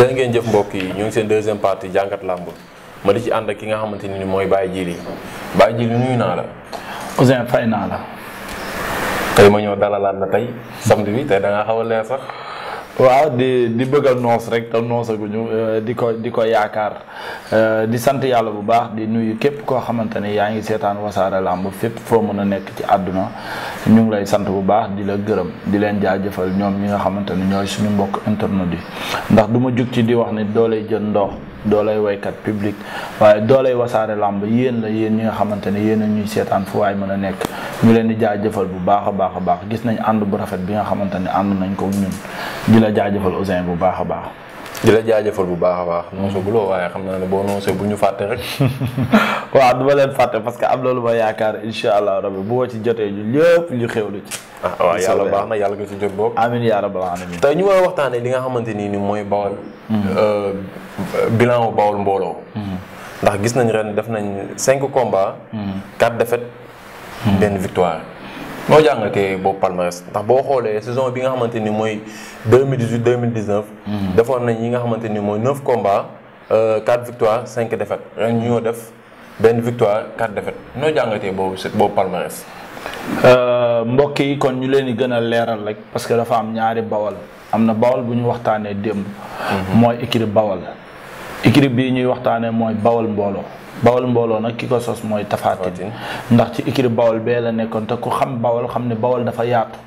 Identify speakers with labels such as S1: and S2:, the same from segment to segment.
S1: jërë ngeen jëf mbokk yi ñoo ngi seen deuxième partie jàngat làmb ma di ci ànd ak ki nga xamante ni mooy Baye Jili Baye Jili nuyu naa la. Ousseyn fay naa la. tey ma ñëw dalalaat la tey samedi bi tey da xaw a leer sax. waaw
S2: di di bëgg a noos rek te noosaguñu euh, di ko di ko yaakaar euh, di sant yàlla bu baax di nuyu képp koo xamante ne yaa ngi seetaan wasaare làmb fépp foo mën a nekk ci àdduna ñu ngi lay sant bu baax di la gërëm di leen jëfal ñoom ñi nga xamante ne ñooy suñu mbokk internet yi ndax du ma jug ci di wax ni doo lay jël ndox doo lay waykat public waaye doo lay wasaare làmb yéen la yéen ñi nga xamante ne yéen a ñuy seetaan fu waay mën a nekk ñu leen di jëfal bu baax a baax a baax gis nañ ànd bu rafet bi nga xamante ne ànd nañ ko ñun di la jaajëfal Ouzin bu baax a baax di la jaajëfal bu baax a baax. noosoo guloo waaye xam naa ne boo noosee bu ñu fàttee rek. waaw du ma leen fàtte parce que am loolu ma yaakaar incha allah rabi bu ma ci jotee ñu
S1: lépp ñu xewlu ci.
S2: ah waaw yàlla baax
S1: na yàlla nga ci jot boobu. amiin yaa rabbal aalamiin. tey ñu war a nga xamante ni mooy bawal. Hmm. Euh, bilan wu bawal mbooloo. Hmm. ndax gis nañ ren def nañ cinq komba hmm. quatre défaites. benn victoire. noo jàngatee boobu palmarès ndax boo xoolee saison bi nga xamante ni mooy 2018 2019. Mhm. defoon nañ yi nga xamante ni mooy 9 combats 4 euh, victoires 5 défaites rek ñoo def benn victoire 4 défaites noo jàngatee boobu si boobu palmarès.
S2: Euh, mbokk yi kon ñu leen di gën a leeral rek parce que dafa am ñaari bawal am na bawal bu ñu waxtaanee démb. Mhm. mooy écurie bawal écurie bii ñuy waxtaanee mooy bawal mbooloo. bawal mbooloo nag ki ko sos mooy tafaatin ndax ci ikiri bawal bee la nekkoon te ku xam bawal xam ne bawal dafa yaatu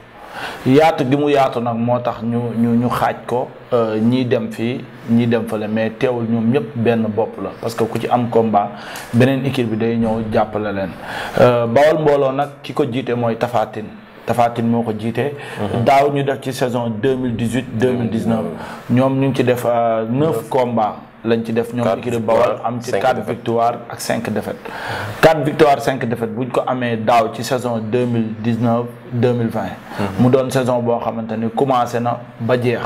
S2: yaatu gi mu yaatu nag moo tax ñu ñu ñu xaaj ko euh, ñii dem fii ñii dem fale mais teewul ñoom ñëpp benn bopp la parce que ku ci am combat beneen équipe bi day ñëw jàppale leen euh, bawal mbooloo nag ki ko jiite mooy tafaatin tafaatin moo ko jiite mhm. daaw ñu def ci saison 2018 2019 mhm. ñoom ñu ngi ci def euh, neuf combat lañ ci def ñoom écurie Bawal am ci 4 victoire ak 5 défaites 4 victoire 5 défaites buñ ko amee daaw ci saison 2019 2020 mhm. mu doon saison boo xamante ni commencé na ba jeex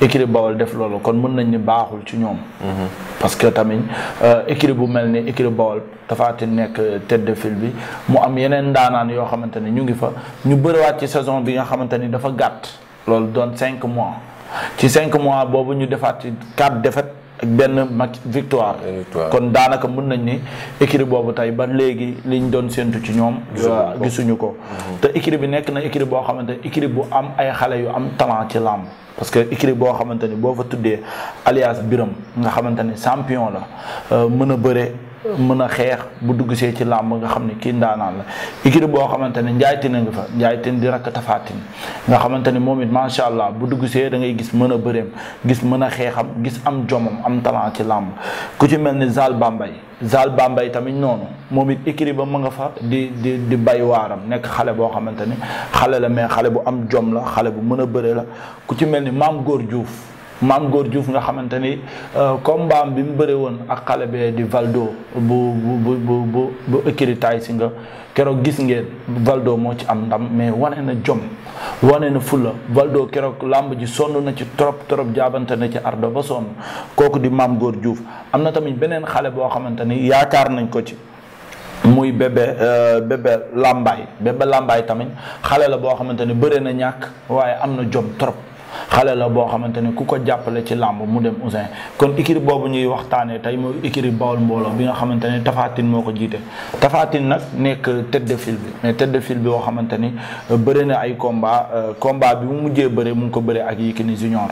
S2: écurie Bawal def loolu kon mun nañ ni baaxul ci ñoom mhm. parce que tamit euh, écurie bu mel ni écurie Bawal dafaati nekk euh, tête de file bi mu am yeneen ndaanaan yoo xamante ni ñu ngi fa ñu bëriwaat ci saison bi nga xamante ni dafa gàtt loolu doon cinq mois cinq mois boobu ñu defaat ci quatre défaites benn match victoire. kon daanaka mën nañ ni écurie boobu tey ba léegi liñ doon séntu ci ñoom. gisuñu ko mhm. te écurie bi nekk na écurie boo xamante ne écurie bu am ay xale yu am talent ci làmb parce que écurie boo xamante ni boo fa tuddee alias Biram nga xamante ni champion la euh, mën a bëre. mën a xeex bu dugg see ci làmb nga xam ne kii ndaanaan la écurie boo xamante ne njaaytin a nga fa njaaytin di rakk tafaatin nga xamante ne moom it macha allah bu dugg see da ngay gis mën a bëreem gis mën a xeexam gis am jomam am talent ci làmb ku ci mel ni Zal Bambay Zal Bambay tamit noonu moom it écurie ba mu nga fa di di di bay waaram nekk xale boo xamante ne xale la mais xale bu am jom la xale bu mën a bëre la ku ci mel ni Maam Góor Diouf maam góor Diouf nga xamante ni euh, mbaam bi mu bëree woon ak xale bee di Valdo bu bu bu bu bu si nga keroog gis ngeen Valdo moo ci am ndam mais wane na jom wane na fulla Valdo keroog làmb ji sonn na ci trop trop jaabante na ci ardo ba sonn kooku di maam góor juuf am na tamit beneen xale boo xamante ni yaakaar nañ ko ci. muy bébé euh, bébé làmbaay bébé làmbaay tamit xale la boo xamante ni bëre na ñàkk waaye am na jom trop. xale la boo xamante ne ku ko jàppale ci làmb mu dem Ouzin kon écurie boobu ñuy waxtaanee tey mooy écurie Baol mbooloo bi nga xamante ne Tapha moo ko jiite. Tapha Tine nag nekk tête de file bi mais tête de file bi boo xamante ni euh, bëri na ay combat euh, combat bi mu mujjee bëre mu ngi ko bëre ak Yékini Junior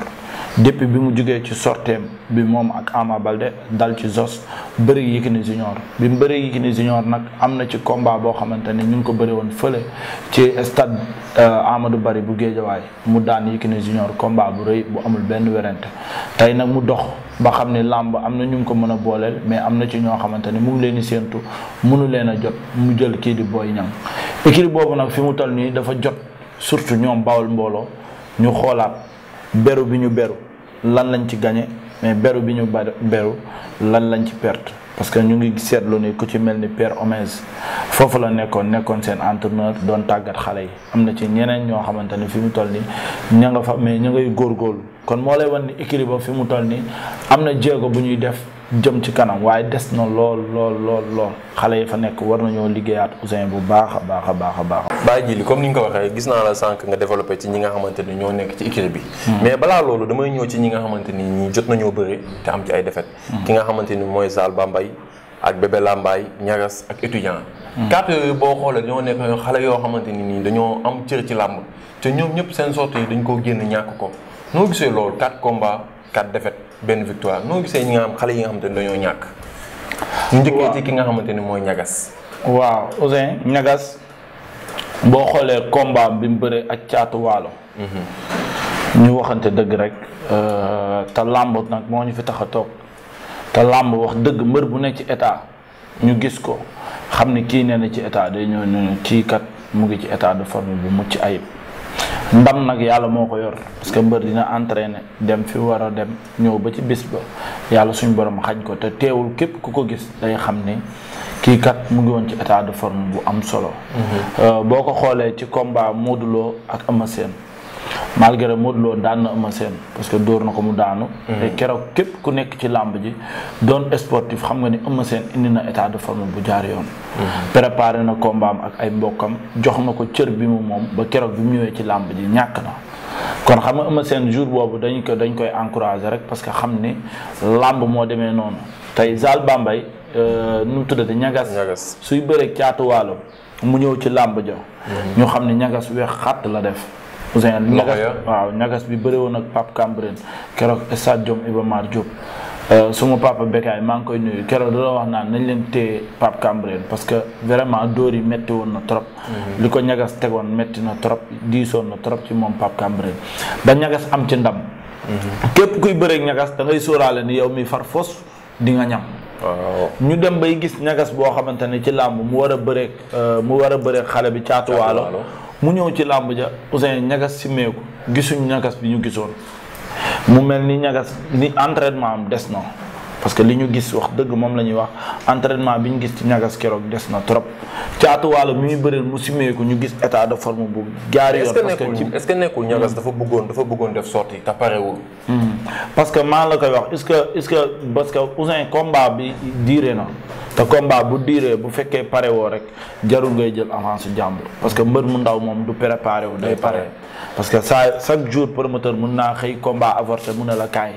S2: depuis bi mu jógee ci sorteem bi moom ak Ama Balde dal ci Zos bëri Yékini Junior bi mu bëri Yékini Junior nag am na ci combat boo xamante ni ñu ngi ko bëri woon fële ci stade euh, du bari bu Géejawaay mu daan Yékini Junior combat bu rëy bu amul benn werante tey nag mu dox ba xam ne làmb am na ñu ngi ko mën a booleel mais am na ci ñoo xamante ni mu ngi leen di séentu mënu leen a jot mu jël kii di booy Niang équipe boobu nag fi mu toll nii dafa jot surtout ñoom bawal mbooloo ñu xoolaat beru bi ñu beru lan lañ ci gagné mais beru bi ñu bari beru lan lañ ci perte parce que ñu ngi seetlu ni ku ci mel ni Pierre Omez foofu la nekkoon nekkoon seen entraîneur doon tàggat xale yi am na ci ñeneen ñoo xamante ni fi mu toll nii ña nga fa mais ña ngay góor góorgóorlu kon moo lay wan ni équilibre ba fi mu toll nii am na jéego bu ñuy def jëm ci kanam waaye des na lool lool lool lool xale yi fa nekk war nañoo liggéeyaat Ousseyn bu baax a baax a baax a baax.
S1: bàyyi jili comme ni nga ko waxee gis naa la sànq nga développé ci ñi nga xamante ni ñoo nekk ci équipe bi hmm. mais balaa loolu damay ñëw ci ñi nga xamante ni ñi jot nañoo bëre te am ci ay défaite hmm. ki nga ak Bébé Lambaay ñagas ak étudiant hmm. quatre yooyu boo xale yoo xamante ni nii dañoo am cër ci làmb te ñoom ñëpp seen sortie yi dañ koo génn ñàkk ko noo gisee loolu quatre combats quatre défaites benn victoire noo gisee ñi nga xam xale yi nga xamante ni dañoo ñàkk ñu njëkkee ci ki nga xamante ni mooy ñagas waaw Ouzin ñagas boo
S2: xoolee combat bi mu bëree ak caatu waalo ñu waxante dëgg rek euh, te làmb nag moo ñu fi tax a toog te làmb wax dëgg mbër bu nekk ci état ñu gis ko xam ni kii nee na ci état day ñëw ñu kii kat mu ngi ci état de forme bu mucc ayib ndam nag yàlla moo ko yor parce que mbër dina entraîner dem fi war a dem ñëw ba ci bis ba yàlla suñu borom xañ ko te teewul képp ku ko gis day xam ni kii kat mu ngi woon ci état de forme bu am solo. Euh, boo ko xoolee ci combat Modou Lo ak Ama Sène malgré Modou Lo daan na Ama Sène parce que dóor na ko mu daanu. Mhm. te keroog képp ku nekk ci làmb ji doon sportif xam nga ni Ama Sène indi na état de forme bu jaar yoon. Mhm. préparé na kombaam ak ay mbokkam jox na ko cër bi mu moom ba keroog bi mu ñëwee ci làmb ji ñàkk na. kon xam nga Ama seen jour boobu dañ ko dañ koy encourager rek parce que xam ni làmb moo demee noonu tey Zal Bambay. Euh, nu mu tuddati ñagas suy bëreeg caatuwaalo mu ñëw ci làmb ja mhm. ñu xam ne ñagas weex xàtt la def Ousseyn ñagas waaw ñagas bi bëri woon ak Pape Cambrène keroog stade Diom Iba Mar Diop euh, suma papa Bekaay maa ngi koy nuyu keroog da la wax naan nañ leen tee Pape Cambrène parce que vraiment dóor yi métti woon na trop mhm. li ko ñagas tegoon métti na trop diisoon na trop ci moom Pape Cambrène ba ñagas am ci ndam mhm. képp kuy bëreeg ñagas da ngay sóoraale ni yow mi far fos di nga ñam ñu dem bay gis ñagas boo xamante ne ci làmb mu war a bëreeg euh, mu war a bëreeg xale bi caatu mu ñëw ci làmb ja Ouzin ñagas simmeeku gisuñ ñagas bi ñu gisoon mu mel ni ñagas ni entraînement am des na parce que li ñu gis wax dëgg moom la ñuy wax entraînement bi ñu gis ci ñagas keroog des na trop caatu waalo mi muy bëreel mu simeeku ñu gis état de forme bu jaari yoon.
S1: parce que est-ce dafa bëggoon dafa bëggoon def sorti te parewul. Hmm.
S2: parce que maa la koy wax est-ce que est que parce que Ouzin combat bi diire na. te combat bu diiree bu fekkee parewoo woo rek jarul ngay jël avance jàmbur parce que mbër mu ndaw moom du préparé wu day pare parce que saa chaque jour promoteur mun naa xëy combat avorté mu ne la kaay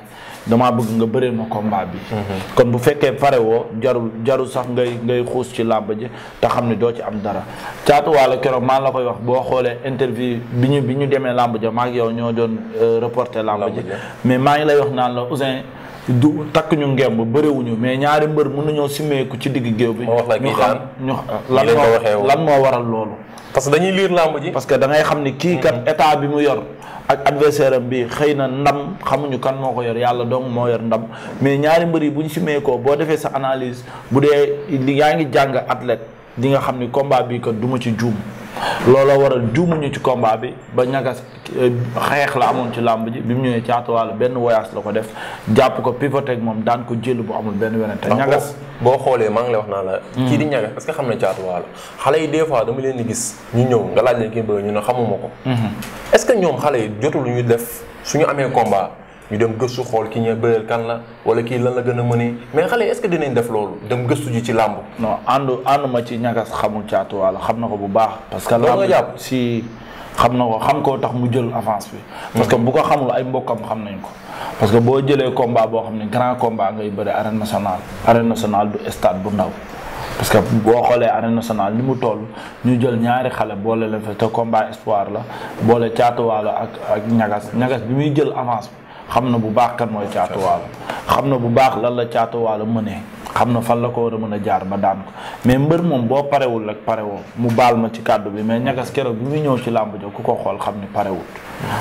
S2: damaa bëgg nga bëree ma combat bi mhm. kon bu fekkee pare jarul jarul sax ngay ngay xuus ci làmb ji te xam ne doo ci am dara caatuwaale keroog maa la koy wax boo xoolee interview bi ñu bi ñu demee làmb ja maa ngi yow ñoo doon euh, reporter làmb ji mais maa ngi du takk ñu ngemb bëriwuñu mais ñaari mbër mën nañoo simmeeku ci digg géew bi. ñu xam ñu lan moo lan moo waral loolu. parce que dañuy liir làmb ji. parce que da xam ni kii kat mm-hmm. état bi mu yor ak adversaire am bi xëy na ndam xamuñu kan moo ko yor yàlla dong moo yor ndam mais ñaari mbër yi bu ñu simmeekoo boo defee sa analyse bu dee yaa ngi jàng athlète di nga xam ni combat bii kat du ma ci juum. a waral juumuñu ci combat bi ba ñagas eh, xeex la amoon ci làmb ji bi mu ñëwee Caatu Waalo benn voyage la ko def jàpp ko pivoté ak moom daan ko jël bu amul benn weneen te ñagas
S1: boo xoolee maa ngi lay wax naa la hmm. kii di ñagas parce xam ne Caatu Waalo xale yi des fois dama leen di gis ñu ñëw nga laaj leen kii bëgg ñu ne xamuma ko
S2: hmm.
S1: est-ce ñoom xale yi jotul ñu def ñu amee combat ñu dem gëstu xool ki ñu bëyal kan la wala kii lan la gën a mënee mais xale est-ce que dinañ def loolu dem gëstu ji
S2: ci làmb non àndu ànduma ci ñagas xamul caatuwaal xam na ko bu baax parce que làmb jàpp si xam na ko xam koo tax mu jël avance bi parce que hmm. bu ko xamul ay mbokkam xam nañ ko parce que boo jëlee combat boo xam ne grand combat ngay bëri arène national arène national du stade bu ndaw parce que boo xoolee arène national ni mu toll ñu jël ñaari xale boole leen fa te la boole caatuwaalo ak ak ñagas ñagas bi muy jël avance xam na bu baax kan mooy caatuwaalo xam na bu baax lan la caatuwaalo mënee xam na fan la ko war a mën a jaar ba daan ko mais mbër moom boo parewul rek parewoo mu baal ma ci kàddu bi mais ñagas keroog bi muy ñëw ci làmb ja ku ko xool xam ni parewul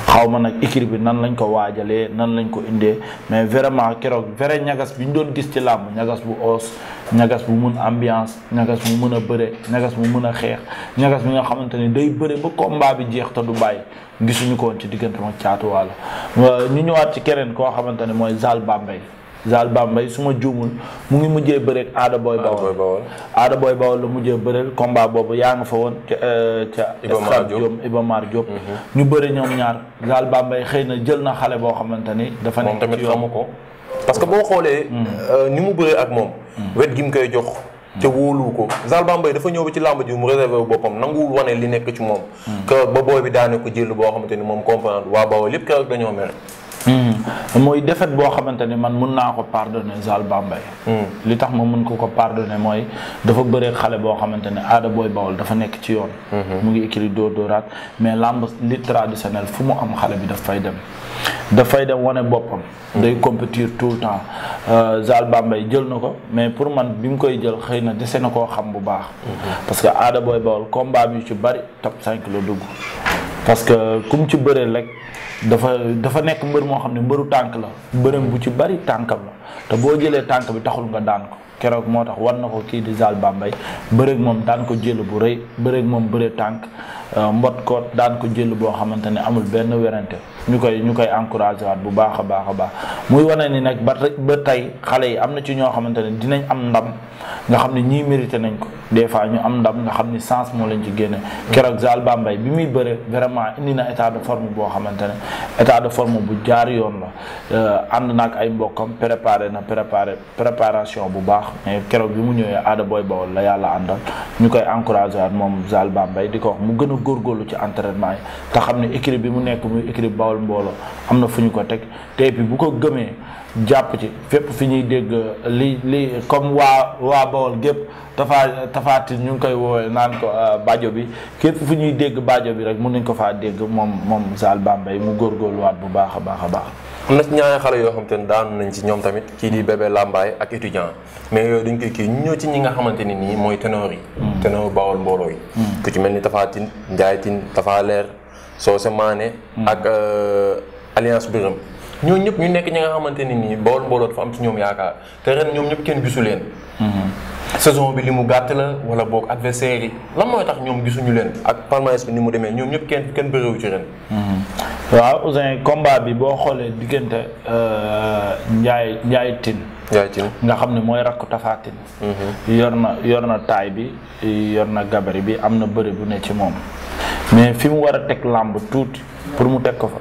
S2: xaw ma nag équipe bi nan lañ ko waajalee nan lañ ko indee mais vraiment keroog vrai ñagas bi ñu doon gis ci làmb ñagas bu oos ñagas bu mun ambiance ñagas bu mun a bëre ñagas bu mun a xeex ñagas bi nga xamante ni day bëre ba mbaa bi jeex te du bàyyi gisuñu ko woon ci diggante mag caatuwaala ñu ñëwaat ci keneen koo xamante ne mooy Zal Bambey Zal Bambay su ma juumul mu ngi mujjee bëreeg Aada Boy Bawol Aada Boy Bawol la mujjee bëreel combat boobu yaa nga fa woon ca euh, ca stade Diop Iba Mar Diop mhm. ñu bëri ñoom ñaar Zal Bambay xëy na jël na xale boo xamante ni dafa
S1: nekk ci yoon ko parce que boo xoolee mm. euh, ni mu bëree ak moom mm. wet gi mu koy jox mm. te wóoluwu ko Zal Bambay dafa ñëw ba ci làmb ji mu réservé wu boppam nanguwul wane li nekk ci moom que ba booy bi daane ko jël boo xamante ni moom comprendre waa Bawol yëpp keroog dañoo mere
S2: Mm-hmm. mooy
S1: défaite boo xamante ni man mun naa ko pardonner Zal Bambay. Mm.
S2: li tax ma mun ko ko pardonner mooy dafa bëre xale boo xamante ne aada booy bawol dafa nekk ci yoon. Mm-hmm. mu ngi écrit dóor dóoraat mais làmb li traditionnel fu mu am xale bi daf fay dem. dafay dem wane boppam. Mm-hmm. day compétir tout le temps euh, Zal Bambay jël na ko mais pour man bi mu koy jël xëy na dese na koo xam bu baax. parce que aada booy bawol combat bi ci bari top cinq la dugg. parce que ku mu ci bëree rek dafa dafa nekk mbër moo xam ne mbëru tànk la mbërëm bu ci bari tànkam la te boo jëlee tànk bi taxul nga daan ko keroog moo tax war na ko kii di Zal mbay bëreeg moom daan ko jël bu rëy bëreeg moom bëree tànk Euh, mbot ko daan ko jël boo xamante ne amul benn werante ñu koy ñu koy encouragé waat bu baax a baax a baax muy wane ni nag ba ba tey xale yi am na ci ñoo xamante ne dinañ am ndam nga xam ne ñii mérité nañ ko des fois ñu am ndam nga xam ni sens moo lañ ci génne keroog Zal Bambay bi muy bëree vraiment indi na état de forme boo xamante ne état de forme bu jaar yoon la euh, ànd naag ay mbokkam préparé na préparé préparation bu baax mais keroog bi mu ñëwee aada booy bawol la yàlla àndal ñu koy encouragé waat moom Zal Bambay di góor góorlu ci entraînement yi te xam ne équipe bi mu nekk muy équipe Bawol mbooloo am na fu ñu ko teg te bi bu ko gëmee jàpp ci fépp fi ñuy dégg li li comme waa waa Bawol gépp tafaa tafaati ñu ngi koy woowee naan ko euh, baajo bi képp fu ñuy dégg baajo bi rek mun nañ ko faa dégg moom moom Zal Bambey mu góor góorluwaat bu baax a baax a baax
S1: am na xale yoo xam te ne daanu nañ ci ñoom tamit kii di bébé làmbaay ak étudiant mais yooyu dañ koy kii ñu ñëw ci ñi nga xamante ni nii mooy ténor yi hmm. ténor bawol mbooloo yi hmm. ku ci mel ni Tapha Tine Ndiaye Tine Tapha Leer Socé Mané hmm. ak euh, Alliance Birame ñoo ñëpp ñu nekk ñi nga xamante ni nii bawol mbooloo dafa am ci ñoom yaakaar te ren ñoom ñëpp kenn gisu leen saison bi li mu gàtt la wala boog adversaire yi la mooy tax ñoom gisuñu leen ak palmarès bi ni mu demee ñoom ñëpp kenn kenn bëriwu ci ren waaw Ouzin combat bi boo xoolee diggante
S2: euh, Ndiaye Ndiaye Tine. Tine nga xam ne mooy rakku Tapha Tine. Mhm. yor na yor na taay bi yor na gabari bi am na bëri bu ne ci moom mais fi mu war a teg làmb tuuti pour mu teg ko fa.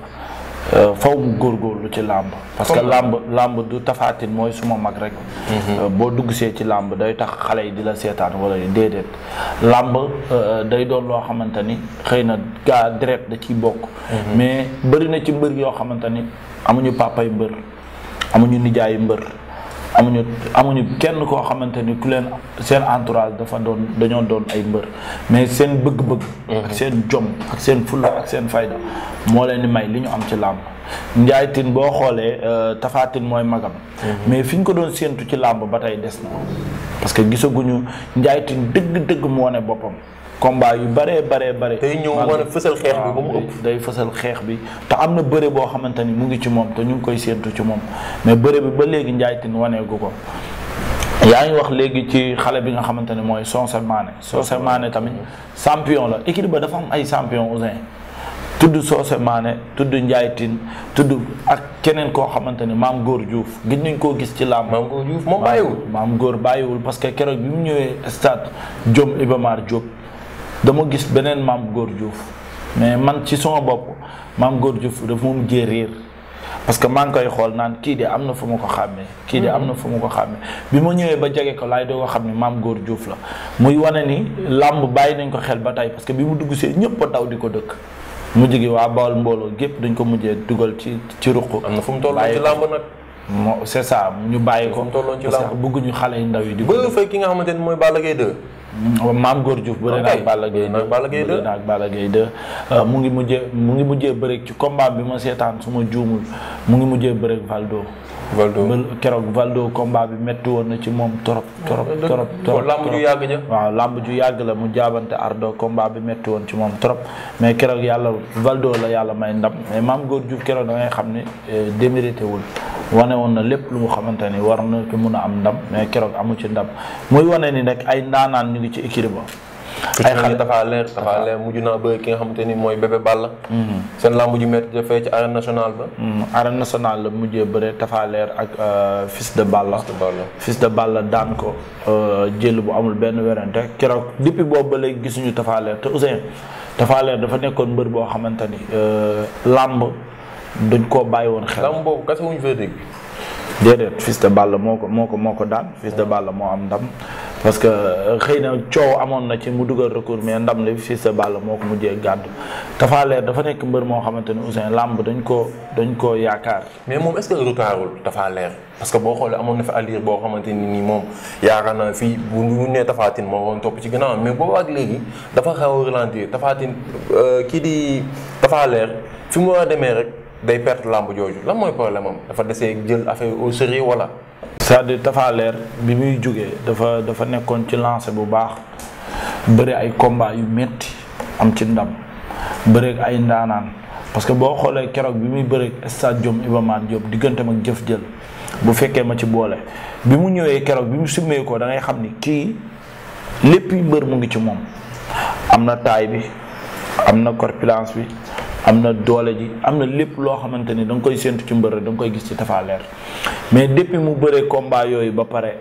S2: Euh, faw mu góorgóorlu ci làmb parce que làmb làmb du tafaatin mooy suma mag rek mhm. euh, boo duggsee ci làmb day tax xale yi di la seetaan wala déedéet làmb euh, day doon loo xamante ni xëy na gaa direct da ciy bokk mhm. mais bëri na ci mbër yoo xamante ni amuñu papay mbër amuñu nijaayu mbër amuñu amuñu kenn koo xamante ni ku leen seen entourage dafa doon dañoo doon ay mbër mais seen bëgg-bëgg. ak mhm. seen jom ak seen fulla ak seen fayda moo leen di may li ñu am ci làmb. Ndiaye boo xoolee euh, Tapha Tine mooy magam. Mhm. mais fi ñu ko doon séentu ci làmb ba tey des na parce que gisaguñu njaaytin Tine dëgg-dëgg mu wane boppam. combat yu bëree bëree bëri. day ñëw mën a fësal xeex bi ba mu ëpp. day fësal xeex bi te am na bëre boo xamante ni mu ngi ci moom te ñu ngi koy séentu ci moom mais bëre bi ba léegi Ndiaye Tine waneegu ko. yaa ngi wax léegi ci xale bi nga xamante ne mooy Socé Mané Socé Mané tamit champion la équipe ba dafa am champion tudd Socé Mané tudd Ndiaye tudd ak keneen koo xamante ne maam góor Diouf gis nañ koo gis ci làmb. maam góor Diouf moom bàyyiwul maam góor bàyyiwul parce que keroog bi mu ñëwee stade Diom Iba Mar dama gis beneen maam góor juuf mais man ci suma bopp maam góor Diouf dafa ma mujjee réer parce que maa ngi koy xool naan kii de am na fu ma ko xàmmee. kii de am na fu ma ko xàmmee bi ma ñëwee ba jege ko laay doo ko xam ne maam góor juuf la muy wane ni làmb bàyyi nañ ko xel ba tey parce que bi mu dugg see ñëpp a daw di ko dëkk. mu gi waa Bawol mbooloo gépp dañ ko mujjee dugal ci ci ruq. am na fu mu toll ci làmb nag. moo c'est ça ñu bàyyi ko. fu ci làmb parce que bëgguñu xale yu ndaw yi. nga xamante ni mooy Balla Gaye Mm, maam Góor Diouf bëri na ak Balla Gaye 2 ak Balla Gaye 2 euh, mu ngi mujjee mu ngi mujjee bëri ci combat bi ma seetaan su ma juumul mu ngi mujjee bëri ak Valdo. Valdo keroog Valdo combat bi métti woon na ci moom trop trop trop trop lamb ju yàgg ja waaw lamb ju yàgg la mu jaabante ardo combat bi métti woon ci moom trop mais keroog yàlla Valdo la yàlla may ndam mais maam Góor Diouf keroog da xam ne euh, démérité wane woon na lépp lu nga xamante ni war na ci mun a am ndam mais keroog amu ci ndam muy wane ni
S1: rek ay naanaan ñu ngi ci écurie ba ay xale dafa leer dafa mujj naa ba ki nga xamante ni mooy bébé Balla mhm. seen lambu ju métti dafee ci arène nationale ba mhm. arène nationale la mujjee bëre
S2: dafa leer ak euh, fils de Balla fils de Balla daan ko euh, jël bu amul benn werante keroog depuis boobu ba léegi gisuñu dafa leer te Ousseyn dafa dafa nekkoon mbër boo xamante ni euh, làmb duñ koo bàyyi woon xel. lamb
S1: boobu kese wuñ fee dégg.
S2: déedéet Fils de Balla moo ko moo ko moo ko daan Fils de Balla moo am ndam parce que euh, xëy na coow amoon na ci mu dugal recours mais ndam li Fils de moo ko mujjee gàddu
S1: Tapha Leer dafa nekk mbër moo xamante ne Ouzin làmb dañ koo dañ koo yaakaar. mais moom est-ce que retardul Leer parce que boo xoolee amoon na fi allir boo xamante ni nii moom yaakaar naa fii bu ñu nee Tapha Tine moo woon topp ci ginnaaw mais boobu ak léegi dafa xaw a ralentir Tapha Tine euh, kii di Tapha Leer fi mu war demee rek. day perte làmb jooju lan mooy problème moom dafa desee jël affaire au sérieux wala. cest à
S2: bi muy jógee dafa dafa nekkoon ci lancé bu baax bëri ay combat yu metti am ci ndam bëreeg ay ndaanaan parce que boo xoolee keroog bi muy bëreeg stade Diom Iba Mar Diop digganteem jëf jël bu fekkee ma ci boole bi mu ñëwee keroog bi mu simmee dangay xam ni kii lépp mbër mu ngi ci moom am na taay bi am na corpulence bi. am na doole ji am na lépp loo xamante ni da nga koy séntu ci mbër da nga koy gis ci Tapha mais depuis mu bëree combat yooyu ba pare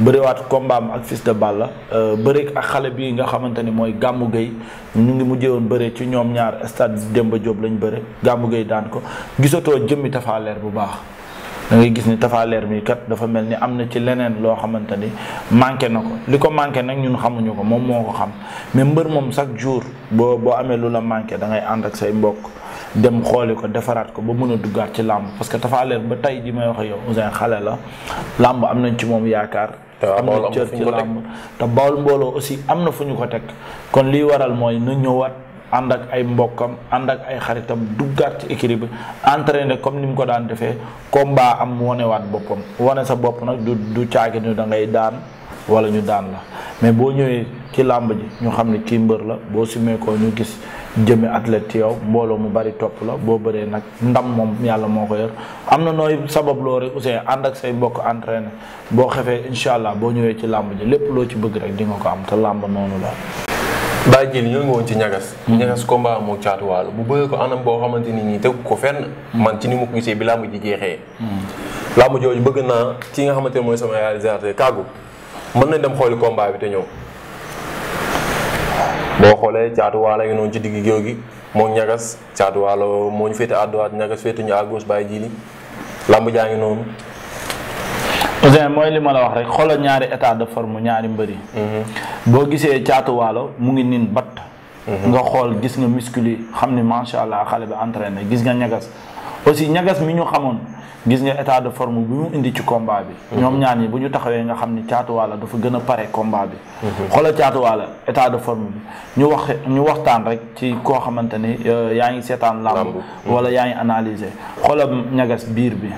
S2: bëriwaat combat am ak Fils de Balla euh, bëri ak xale bii nga xamante ni mooy gàmmu Gueye ñu ngi mujjee woon bëree ci ñoom ñaar stade Demba Diop lañ bëre gàmmu Gueye daan ko gisatoo jëmmi Tapha Leer bu baax. da ngay gis ni tafaaleer bi kat dafa mel ni am na ci leneen loo xamante ni manqué na ko li ko manqué nag ñun xamuñu ko moom moo ko xam mais mbër moom chaque jour boo boo amee lu la manqué da ngay ànd ak say mbokk dem xooli ko defaraat ko ba mën a duggaat ci làmb parce que tafaaleer ba tey ji may wax yow Ouzin xale la làmb am nañ ci moom yaakaar am na cër ci làmb te bawul mbooloo aussi am na fu ñu ko teg kon liy waral mooy na ñëwaat ànd ak ay mbokkam ànd ak ay xaritam du duggaat ci équilibre entraîné comme ni mu ko daan defee combat am wonewaat boppam wone sa bopp nag du du caagi ñu da daan wala ñu daan la mais boo ñëwee ci làmb ji ñu xam ne kii mbër la boo simee ko ñu gis jëmmi athlète ci yow mbooloo mu bari topp la boo bëree nag ndam moom yàlla moo ko yor am na nooy sabab loo rek Ouzin ànd ak say mbokk entraîné boo xefee incha allah boo ñëwee ci làmb ji lépp loo ci bëgg rek di nga ko am te làmb noonu la
S1: Baye Jili ñoo ngi woon ci ñagas. ñagas combat moo caatuwaalo bu bëree ko anam boo xamante ni nii tegu ko fenn. man ci ni ma ko gisee bi laa mujj jeexee. làmb mujj jooju bëgg naa ki nga xamante ne mooy sama réalisateur kàggu mën nañ dem xooli kombaa bi te ñëw. boo xoolee caatuwaalo yi noonu ci digg géew gi moom ñagas caatuwaalo moo ñu féete à droite ñagas féete ñu à gauche Baye làmb jaa ngi noonu. Ousseyn mooy li ma la wax rek xoolal ñaari état de forme ñaari mbëri
S2: mhm. boo gisee caatuwaalo mu ngi nin bat mhm. nga xool gis nga musculi xam ni macha allah xale bi entraîné gis nga ñagas aussi ñagas mi ñu xamoon gis nga état de forme bi mu indi ci combat bi mhm. ñoom ñaar ñi bu ñu taxawee nga xam ni caatuwaalo dafa gën a pare combat bi xoolal caatuwaalo état de forme bi ñu wax ñu waxtaan rek ci koo xamante ni euh, yaa ngi seetaan làmb wala yaa ngi analyser xoolal ñagas biir bi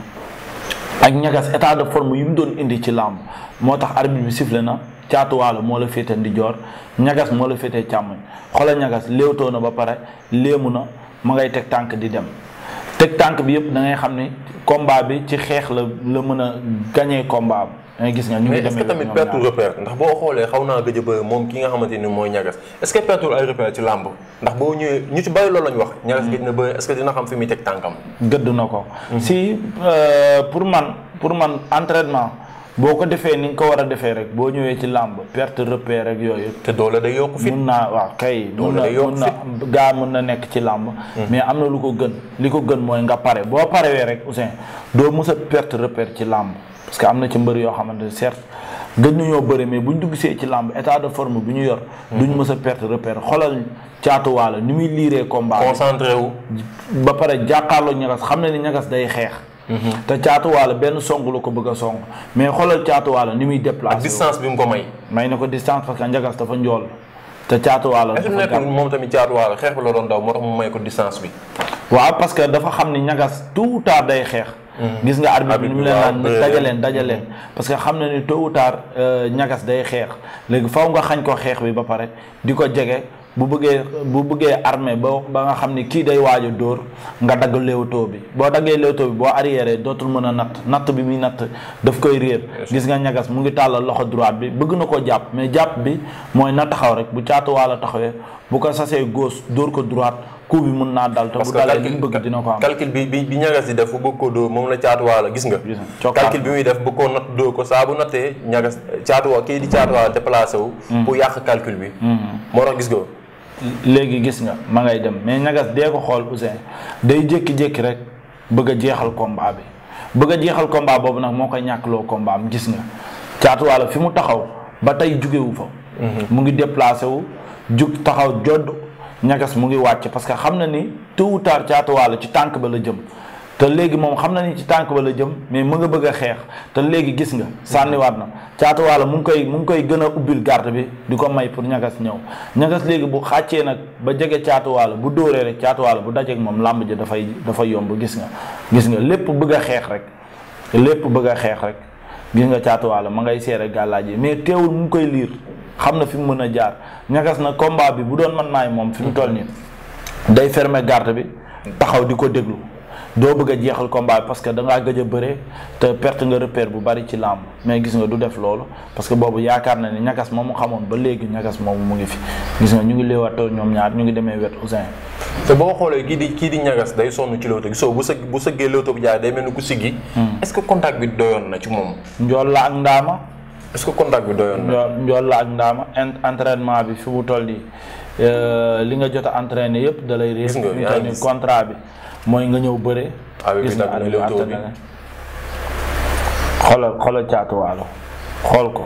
S2: ak ñagas état de forme yi mu doon indi ci làmb moo tax arbitre bi sifflé na caatuwaalo moo la féete ndijoor ñagas moo la féete càmmoñ xoolal ñagas léewtoo na ba pare léemu na ma ngay teg tànk di dem teg tànk bi yëpp da ngay xam ni combat bi ci xeex la la mën a gañee combat bi gis nga ñu ngi demee tamit perte repère
S1: ndax boo xoolee xaw naa gëj a bëri moom nga xamante ni mooy ñagas est ce que perte ay ci làmb boo ñëwee ñu ci bëri loolu lañ wax. ñagas mm. gëj na bëri est ce que dina
S2: na ko. Mm. si euh, pour man pour man entraînement boo ko defee ni nga ko war a defee rek boo ñëwee ci làmb perte repère rek yooyu. te doole day yokk fit mun naa waaw kay. doole day yokk fit mun na gaa na nekk ci làmb. Mm. mais am na lu ko gën li ko gën mooy nga pare boo parewee rek Ousseyn doo mës a perte repère ci làmb parce que am na ci mbër yoo xamante ne certes gën nañoo bëri mais buñ dugg see ci làmb état de forme bu ñu yor. duñ mës a perte repère xoolal caatuwaale ni muy liiree combat. concentré wu. ba pare jàkkaarloo ñagas xam na ni ñagas day xeex. Mhm. te caatuwaale benn song la ko bëgg a song mais xoolal caatuwaale ni muy déplacé. ak bi mu ko may. may na ko distance parce que ñagas dafa njool. te caatuwaale la dafa gàtt moom tamit caatuwaale xeex bi la doon daw may ko distance parce que dafa xam ni ñagas tout tard day xeex. Mm-hmm. gis nga arbitre bi mu leen naan dajaleen dajaleen parce que xam na ni tôt ou tard euh, ñagas day xeex léegi faw nga xañ ko xeex bi ba pare di ko jege bu bëggee bu bëggee armée ba ba nga xam ni kii day waaj dóor nga dagg léewtoo bi boo daggee léewtoo bi boo arrière dootul mën a natt natt bi muy natt daf koy réer gis nga ñagas mu ngi tàllal loxo droite bi bëgg na koo jàpp mais jàpp bi mooy na taxaw rek bu caatuwaala taxawee bu ko sasee gauche dóor ko droite coup bi mun naa dal te bu dalee li mu bëgg dina ko am
S1: calcul bi bi bi ñagas di def bu bëgg ko dóo moom la caatuwaala gis nga calcul bi muy def bu ko bu nattee hmm. yàq calcul bi hmm. moo tax gis nga
S2: léegi gis ko xool Ousseyn a jeexal fi mu taxaw ba tey jugewu fa hmm. mu ngi déplacé jug taxaw jodd ñagas mu ngi wàcc parce que xam na ni tôt ou tard Caatu ci tànk ba la jëm te léegi moom xam na ni ci tànk ba la jëm mais mu nga bëgg a xeex te léegi gis nga sànniwaat na Caatu Waalo mu ngi koy mu ngi koy gën a ubbil garde bi di ko may pour ñagas ñëw ñagas léegi bu xàccee nag ba jege Caatu bu dóoree rek Caatu bu dajeeg moom làmb ji dafay dafa yomb gis gis nga lépp bëgg xeex rek lépp bëgg a xeex rek gis nga Caatu Waalo ma ngay seere gàllaaj yi mais teewul mu ngi koy liir xam na fi mu mën a jaar ñagas na combat bi bu doon man maay moom fi mu toll nii day fermer garde bi taxaw di ko déglu doo bëgg a jeexal combat bi parce que da ngaa gëj bëre te perte nga repère bu bari ci làmb mais gis nga du def loolu parce que boobu yaakaar na ni ñagas mu xamoon ba léegi ñagas moom mu ngi fi gis nga ñu ngi léewatoo ñoom ñaar ñu ngi demee wet Ousseyn.
S1: te boo xoolee kii di kii di ñagas day sonn ci loto gisoo bu bu sëggee loto bi jaay day mel ni ku siggi. Hmm. est-ce que contact bi doyoon na ci moom. njool la ak est-ce bi doyoon na. njool la ak
S2: ndaama entraînement bi fi mu toll nii li nga jot a entraîné yëpp da lay. nga contrat bi mooy nga ñëw bëre. Ah gis nga Aliou caatuwaalo xool ko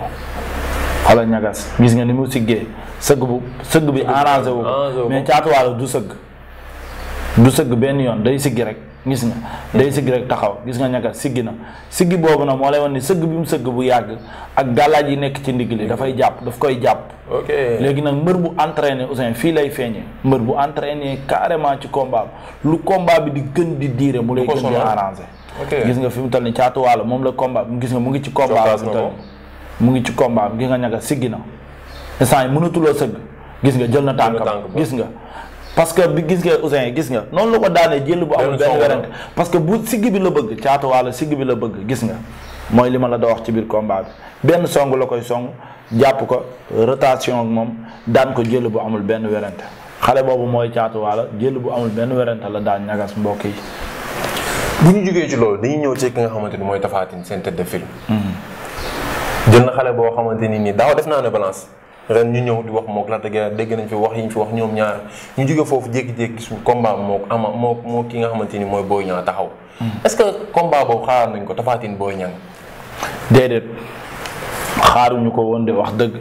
S2: xoolal ñagas gis nga ni mu siggee sëgg bu sëgg bi arrangé wu ko mais caatuwaalo du sëgg du sëgg benn yoon day siggi rek. gis nga day sigg rek taxaw gis nga ñaka siggi na sigg boobu nag moo lay wan ni sëgg bi mu sëgg bu yàgg ak gàllaaj yi nekk ci ndigg li dafay jàpp daf koy jàpp ok léegi nag mbër bu entraîné Ousseyn fii lay feeñee mbër bu entraîné carrément ci combat lu combat bi di gën di diire mu lay gën di arrangé gis nga fi mu toll ni caatuwaalo moom la combat gis nga mu ngi ci combat fi mu ci combat gis nga ñaka siggi na instant yi mënatuloo sëgg gis nga jël na tànkam gis nga parce que bi gis nga Ousseyn gis nga noonu la ko daanee jël bu amul benn werante parce que bu sigg bi la bëgg Caatu sigg bi la bëgg gis nga mooy li ma la da wax ci biir combat bi benn song la koy song jàpp ko rotation ak moom daan ko jël bu amul benn werante xale boobu mooy caatuwaala Waalo jël bu
S1: amul benn werante la daan ñagas mbokk yi bu ñu jógee ci loolu dañuy ñëw ci ki nga xamante ni mooy Tapha Tine seen tête de film hmm. jël na xale boo xamante ni nii daaw def naa ne balance ren ñu ñëw di wax mook la de dégg nañ fi wax ñu fi wax ñoom ñaar ñu jóge foofu jékki-jékki su combat mook ama moo moo ki nga xamante ni mooy Boy Niang taxaw. Hmm. est-ce que combat boobu xaar nañ ko Tapha Tine Boy Niang. déedéet xaaruñu ko woon de wax dëgg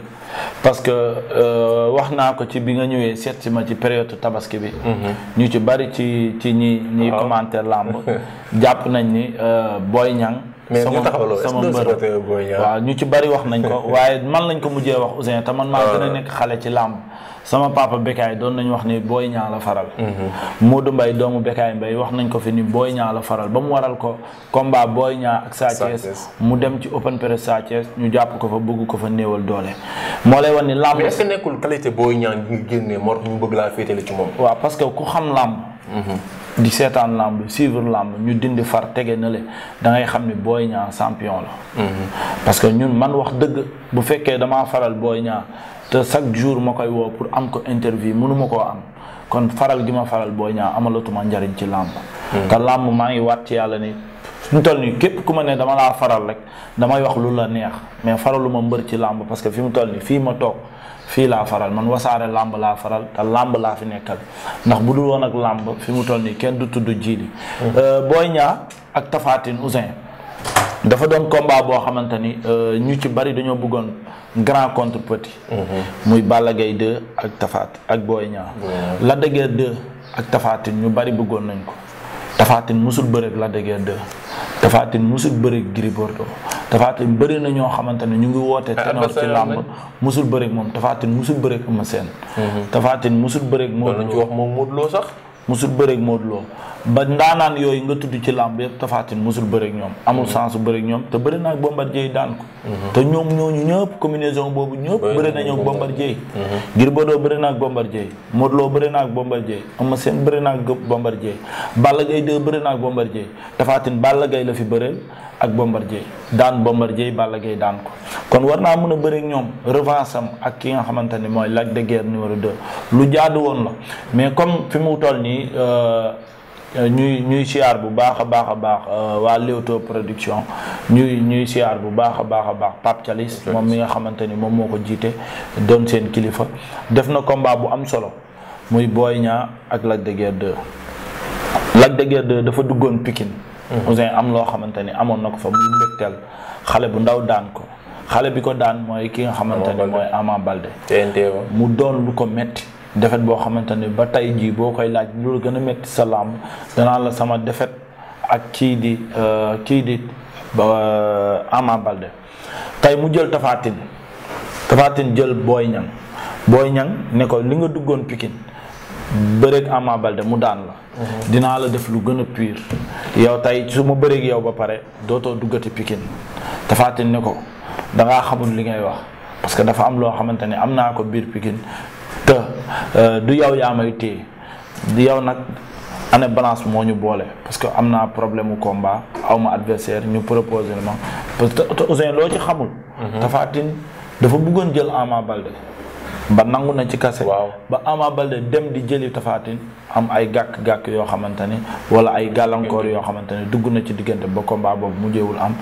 S2: parce que euh, wax naa ko ci bi nga ñëwee seet si ma ci période tabaski bi. Hmm. ñu ci bari ci ci ñi ñi commentaire làmb jàpp nañ ni euh, Boy Niang. mais ñu taxawaloo sama mbër waaw ñu ci bari wax nañ ko waaye man lañ ko mujjee wax Ouzin te man maa ah. gën a nekk xale ci làmb sama papa Bekaay doon nañu wax ni booy Niang la faral mhm. Modou mbay doomu Bekaay mbay wax nañ ko fi ni booy ñaa la faral ba mu waral ko combat booy ñaa ak Sa Thiès mu dem ci open press Sa Thiès ñu jàpp ko fa bëgg ko fa néewal doole moo lay wax ni làmb mais est-ce que nekkul qualité Boy Niang bi génnee moo tax ñu bëgg laa féetale ci moom waaw parce que ku xam di seetaan làmb suivre làmb ñu dindi far tege na le dangay xam ni booy Niang champion la. parce que ñun man wax dëgg bu fekkee damaa faral booy Niang te chaque jour ma koy woo pour am ko interview mënu koo am kon faral di ma faral Boy Niang amalatuma njariñ ci làmb. Hmm. te làmb maa ngi waat ci yàlla ni suñ toll nii képp ku ma ne dama laa faral rek damay wax lu la neex mais faraluma mbër ci làmb parce que fi mu toll nii fii ma toog fii laa faral man wasaare làmb laa faral te làmb laa fi nekkal ndax bu dul woon ak làmb fi mu toll nii kenn du tudd jiili. Mm-hmm. Euh, booy Niang ak tafaatin Tine dafa doon combat boo xamante ni euh, ñu ci bari dañoo bëggoon grand contre petit. Mm-hmm. muy Balla Gaye 2 ak Tapha ak Boy ak Tapha ñu bari bëggoon nañ ko. Tafatin mosul bërëg la de Guiers 2 Tafatin musul bërëg Gris Bordeaux bëri na ñoo xamante ne ñu ngi wootee ah, ténor ci làmb musul bërëg moom Tafatin musul bërëg Eumeu Sène mhm. Tafatin musul bërëg moom lu ñu wax moom Modou loo sax mosul bëreek Modou Lo ba ndaanaan yooyu nga tudd ci làmb yëpp tafaatin musul bëreeg ñoom amul mm-hmm. sens bëreeg ñoom te bëri naag Bombardier daan ko mm-hmm. te ñoom ñooñu ñëpp combinaison boobu ñëpp bëri nañu Bombardier mm-hmm. Gris Bordeaux bëri naag Bombardier Modou Lo bëri naag Bombardier Eumeu Sène bëri naag Bombardier Balla Gaye 2 bëri naag Bombardier tafaatin Balla Gaye la fi bëreel ak Bombardier daan Bombardier Balla Gaye daan ko kon war naa mën a bëri ñoom revanche ak ki nga xamante ni mooy Lac de Guiers numéro lu jaadu woon la mais comme fi mu toll nii euh, ñuy ñuy siyaar bu baax a baax a baax euh, waa Leewtoo production ñuy ñuy siyaar bu baax a baax a baax Pape Thialis moom mi nga xamante ni moom moo ko jiite doon seen kilifa def na combat bu am solo muy Boy Niang ak Lac de Guiers 2 de dafa duggoon Pikine Mm-hmm. Ouzin am loo xamante ni amoon na ko fa muy mbégteel xale bu ndaw daan ko xale bi ko daan mooy ki nga xamante ni mooy Ama balde mu doon lu ko metti defet boo xamante ni ba tey jii boo koy laaj loolu gën a metti sa làmb danaa la sama defet ak kii di euh, kii di euh, Ama Baldé tey mu jël Tapha Tine Tapha Tine jël Boy Niang Boy Niang ne ko li nga duggoon Pikine bëreeg Ama Balde mu daan la. dinaa la def lu gën a pire. yow tey su ma bëreeg yow ba pare dootoo duggati Pikine Tapha Tine ko dangaa ngaa li ngay wax parce que dafa am loo xamante ne am naa ko biir Pikine te euh, du yow yaa may téye du yow nag. année balance moo ñu boole parce que am naa problème mu combat aw ma adversaire ñu proposé ma parce que te Ouzin loo ci xamul. Mhm. Tapha dafa bëggoon jël Ama Balde. ba nangu na ci kase. waaw ba Ama Baldé dem di jëli tafaatin am ay gàkk-gàkk yoo xamante ni wala ay gàllankoor yoo xamante ni dugg na ci diggante ba combat boobu mujjewul am.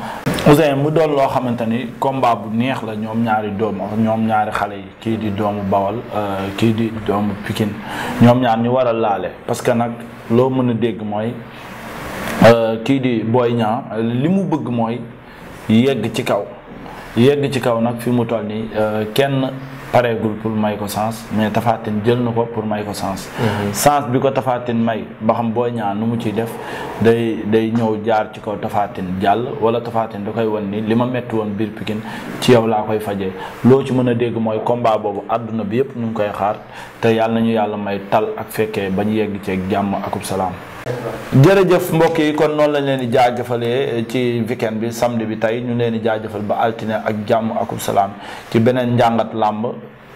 S2: Ousseyn mu doon loo xamante ni combat bu neex la ñoom ñaari doom ñoom ñaari xale yi kii di doomu Bawal euh, kii di doomu pikin ñoom ñaar ñu waral laale parce que nag loo mën a dégg mooy euh, kii di Boy Niang li mu bëgg mooy yegg ci kaw yegg ci kaw nag fi mu toll nii euh, kenn. pareegul pour may ko sens mais tafaatin jël na ko pour may ko sens. Mhm. sens bi ko tafaatin may ba xam booy ñaan nu mu ciy def day day ñëw jaar ci kaw tafaatin jàll wala tafaatin da koy wan nii li ma metti woon biir Pikine ci yow laa koy fajee loo ci mën a dégg mooy combat boobu àdduna bi yëpp ñu ngi koy xaar te yàlla nañu yàlla may tal ak fekkee ba ñu yegg ceeg jàmm akub salaam. jërëjëf mbokk yi kon noonu lañ leen di jëfalee eh, ci weekend bi samedi bi tey ñu leen di jëfal ba altine ak jàmm akub salaam ci beneen njàngat làmb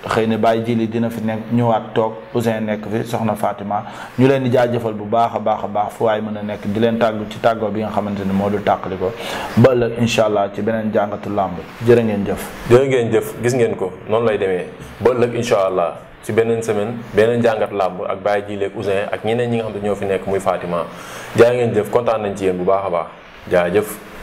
S2: xëy na bàyyi jili dina fi nekk ñëwaat toog Ousin nekk fi soxna Fatima ñu leen di jaajëfal bu baax a baax a baax fu waay mën a nekk di leen tàggu ci tàggoo bi nga xamante ne moo du tàqali ko ba ëllëg incha allah ci beneen jàngatu làmb jërë ngeen jëf.
S1: jërë ngeen jëf gis ngeen ko noonu lay demee ba incha allah. ci beneen semaine beneen jàngat làmb ak Baye Djilé ak Ousin ak ñeneen ñi nga xam ne ñoo fi nekk muy Fatima jaa ngeen jëf kontaan nañ ci yéen bu baax a baax jëf